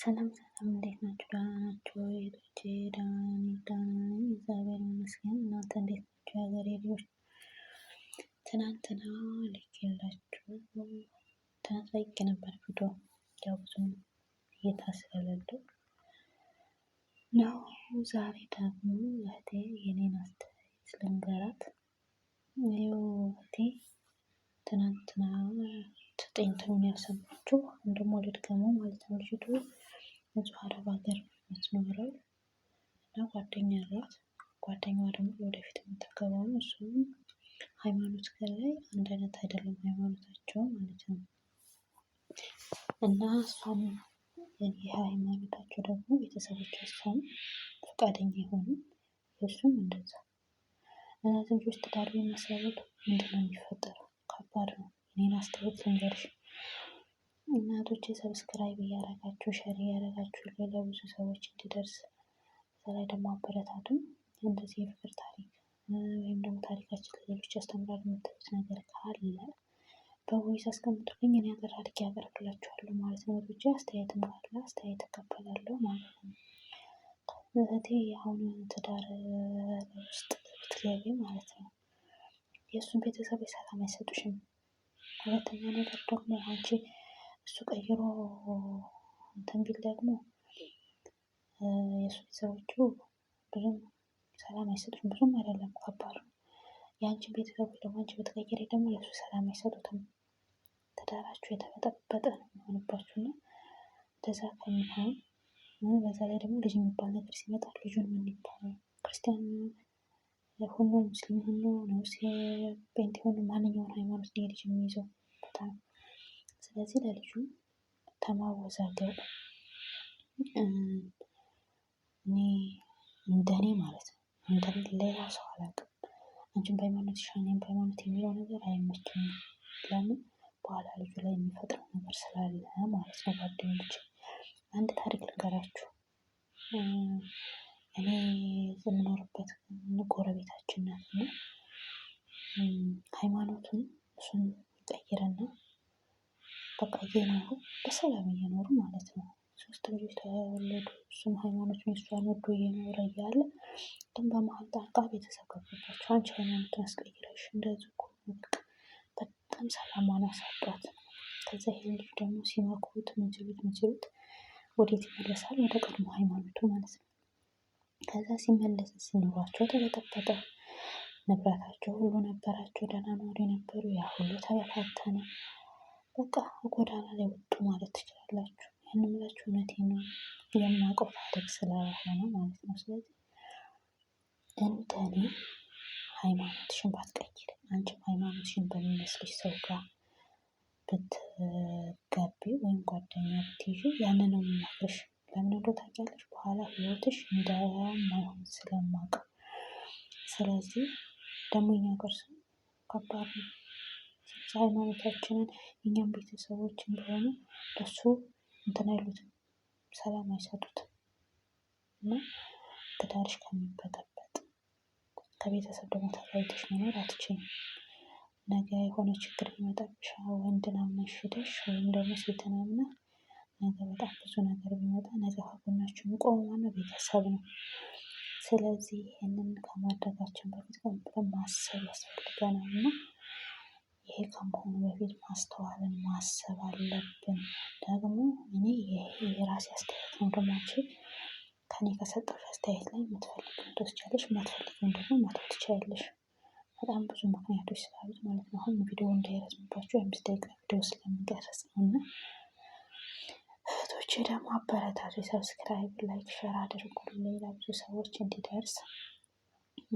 ሰላም ሰላም፣ እንዴት ናችሁ? ደህና ናችሁ? ቤቶቼ ደህና ነኝ፣ ደህና ነኝ፣ እግዚአብሔር ይመስገን። እናንተ እንዴት ናችሁ? የሀገሬ ልጆች፣ ትናንትና ልኬላችሁ ትናንት ለቅቄ ነበር ቪዲዮ። ያው ብዙም እይታ ነው። ዛሬ ደግሞ እህቴ የኔን አስተያየት ልንገራት። ይኸው እህቴ ትናንትና ተጠኝተው ነው ያሰማችው። አንድም አልደከመው ማለት ነው። ልጅቱ እዚሁ አረብ ሀገር የምትኖረው እና ጓደኛ አላት። ጓደኛዋ ደግሞ ወደፊት የምታገባው ነው። እሱም ሃይማኖት ላይ አንድ አይነት አይደለም ሃይማኖታቸው ማለት ነው። እና እሷም ይህ ሃይማኖታቸው ደግሞ ቤተሰቦች እሷም ፈቃደኛ የሆኑ እሱም እንደዛ እና ትንሽ ውስጥ ትዳር መሰረት ምንድነው የሚፈጠረው? ከባድ ነው። እኔን አስተውት ልንገርሽ። እናቶች ሰብስክራይብ እያረጋችሁ ሸር እያረጋችሁ ለብዙ ሰዎች እንዲደርስ በተለይ ደግሞ አበረታቱም። እንደዚህ የፍቅር ታሪክ ወይም ደግሞ ታሪካችን ለሌሎች ያስተምራል የምትሉት ነገር ካለ በቮይስ አስቀምጡልኝ። እኔ ሀገር አድጌ ያቀርብላችኋለሁ ማለት ነው። ወዶቼ አስተያየት ካለ አስተያየት እቀበላለሁ ማለት ነው። እህቴ የአሁኑ ትዳር ውስጥ ብትገቢ ማለት ነው የእሱን ቤተሰብ የሰላም አይሰጡሽም። ሁለተኛ ነገር ደግሞ አንቺ እሱ ቀይሮ እንትን ቢል ደግሞ የእሱ ቤተሰቦቹ ብዙም ሰላም አይሰጡም። ብዙም አይደለም ከባድ ነው። የአንቺን ቤተሰቦች ደግሞ አንቺ በተቀየረ ደግሞ የእሱ ሰላም አይሰጡትም። ትዳራችሁ የተበጠበጠ ነው የሚሆንባችሁ እና እንደዛ ከሚሆን በዛ ላይ ደግሞ ልጅ የሚባል ነገር ሲመጣ ልጁን ምን ይባላል ክርስቲያን ሁሉ ሙስሊም ሁሉ ነውስ ጴንጤ ሁሉ ማንኛውን ሃይማኖት ሊሄድ የሚይዘው ቦታ ነው። ስለዚህ ለልጁ ተማወዛገብ እኔ እንደኔ ማለት ነው እንደኔ ሌላ ሰው አላውቅም። አንቺም በሃይማኖት ሻኔም በሃይማኖት የሚለው ነገር አይመችም። ለምን በኋላ ልጁ ላይ የሚፈጥረው ነገር ስላለ ማለት ነው። ጓደኞች አንድ ታሪክ ሃይማኖቱን እሱን ይቀይርና በቃ እየኖሩ በሰላም እየኖሩ ማለት ነው። ሶስት ልጆች ተወለዱ። እሱም ሃይማኖቱን እሷን ወዶ እየኖረ እያለ ግን በመሀል ጣልቃ ቤተሰብ ገባባቸው። አንቺ ሃይማኖቱን አስቀይረሽ እንደዚህ እኮ በጣም ሰላማን አሳጧት። ከዛ ይሄ ልጅ ደግሞ ሲመክሩት ምንችሉት ምንችሉት ወዴት ይመለሳል? ወደ ቀድሞ ሃይማኖቱ ማለት ነው። ከዛ ሲመለስ ሲኖሯቸው ተበጠበጠ። ንብረታቸው ሁሉ ነበራቸው፣ ደህና ኖር የነበሩ ያ ሁሉ ተበታተነ። በቃ ጎዳና ላይ ወጡ ማለት ትችላላችሁ። ይህን ምላችሁ እውነት ነው የማውቀው ታሪክ ስለሆነ ማለት ነው። ስለዚህ እንደኔ ሃይማኖትሽን ባትቀይሪ አንቺም ሃይማኖትሽን በሚመስልሽ ሰው ጋር ብትጋቢ ወይም ጓደኛ ብትይዙ ያንን ነው የምመክርሽ። ለምን እንደሆነ ታውቂያለሽ፣ በኋላ ህይወትሽ እንደማይሆን ስለማውቀው። ስለዚህ ደግሞ እኛ ሀገር ሰው ከባድ ነው። ስለዚህ ሃይማኖታችንን እኛም ቤተሰቦችን ቢሆኑ ለሱ እንትን አይሉትም ሰላም አይሰጡትም። እና ትዳርሽ ከሚበጠበጥ ከቤተሰብ ደግሞ ተለይተሽ መኖር አትችልም። ነገ የሆነ ችግር ቢመጣብሽ ወንድን አምነሽ ሄደሽ ወይም ደግሞ ሴትን አምነህ ነገ በጣም ብዙ ነገር ቢመጣ ነገ ከጎናችሁ የሚቆመው ማነው? ቤተሰብ ነው። ስለዚህ ይህንን ከማድረጋችን በፊት ቆም ብለን ማሰብ ያስፈልገናል እና ይሄ ከመሆኑ በፊት ማስተዋልን ማሰብ አለብን። ደግሞ እኔ ይሄ የራሴ አስተያየት ነው። ወንድሞቼ ከኔ ከሰጠሽ አስተያየት ላይ የምትፈልጊውን ትወስጃለሽ፣ የማትፈልጊውን ደግሞ መተው ትችያለሽ። በጣም ብዙ ምክንያቶች ስላሉት ማለት ነው። አሁን ቪዲዮ እንዳይረዝምባችሁ የአምስት ደቂቃ ቪዲዮ ስለሚቀረጽ ነው እና እህቶች ደግሞ አበረታቱ። ሰብስክራይብ፣ ላይክ፣ ሸር አድርጉልኝ ለብዙ ሰዎች እንዲደርስ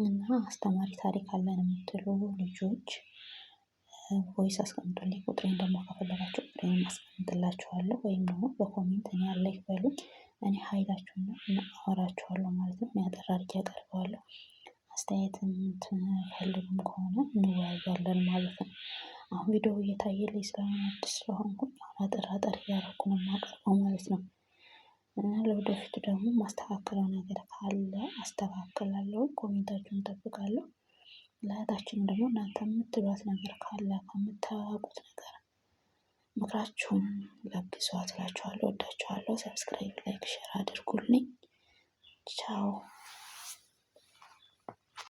እና አስተማሪ ታሪክ አለን የምትሉ ልጆች ቮይስ አስቀምጡልኝ። ቁጥሬን ደግሞ ከፈለጋችሁ ቁጥሬን አስቀምጥላችኋለሁ ወይም ደግሞ በኮሜንት እኔ ያለ ይበሉኝ። እኔ ሀይላችሁና እናወራችኋለሁ ማለት ነው። ያጠራ ልጅ ያቀርበዋለሁ። አስተያየት የምትፈልጉም ከሆነ እንወያያለን ማለት ነው። አሁን ቪዲዮ እየታየልኝ ስለሆነ አዲስ ስለሆንኩኝ አሁን አጠር አጠር እያደረኩ ነው የማቀርበው ማለት ነው። እና ለወደፊቱ ደግሞ ማስተካከለው ነገር ካለ አስተካክላለሁ። ኮሜንታችሁን እጠብቃለሁ። ለእህታችን ደግሞ እናንተ የምትሏት ነገር ካለ ከምታውቁት ነገር ምክራችሁን ለግሷት እላችኋለሁ። ወዳችኋለሁ። ሰብስክራይብ፣ ላይክ፣ ሸር አድርጉልኝ። ቻው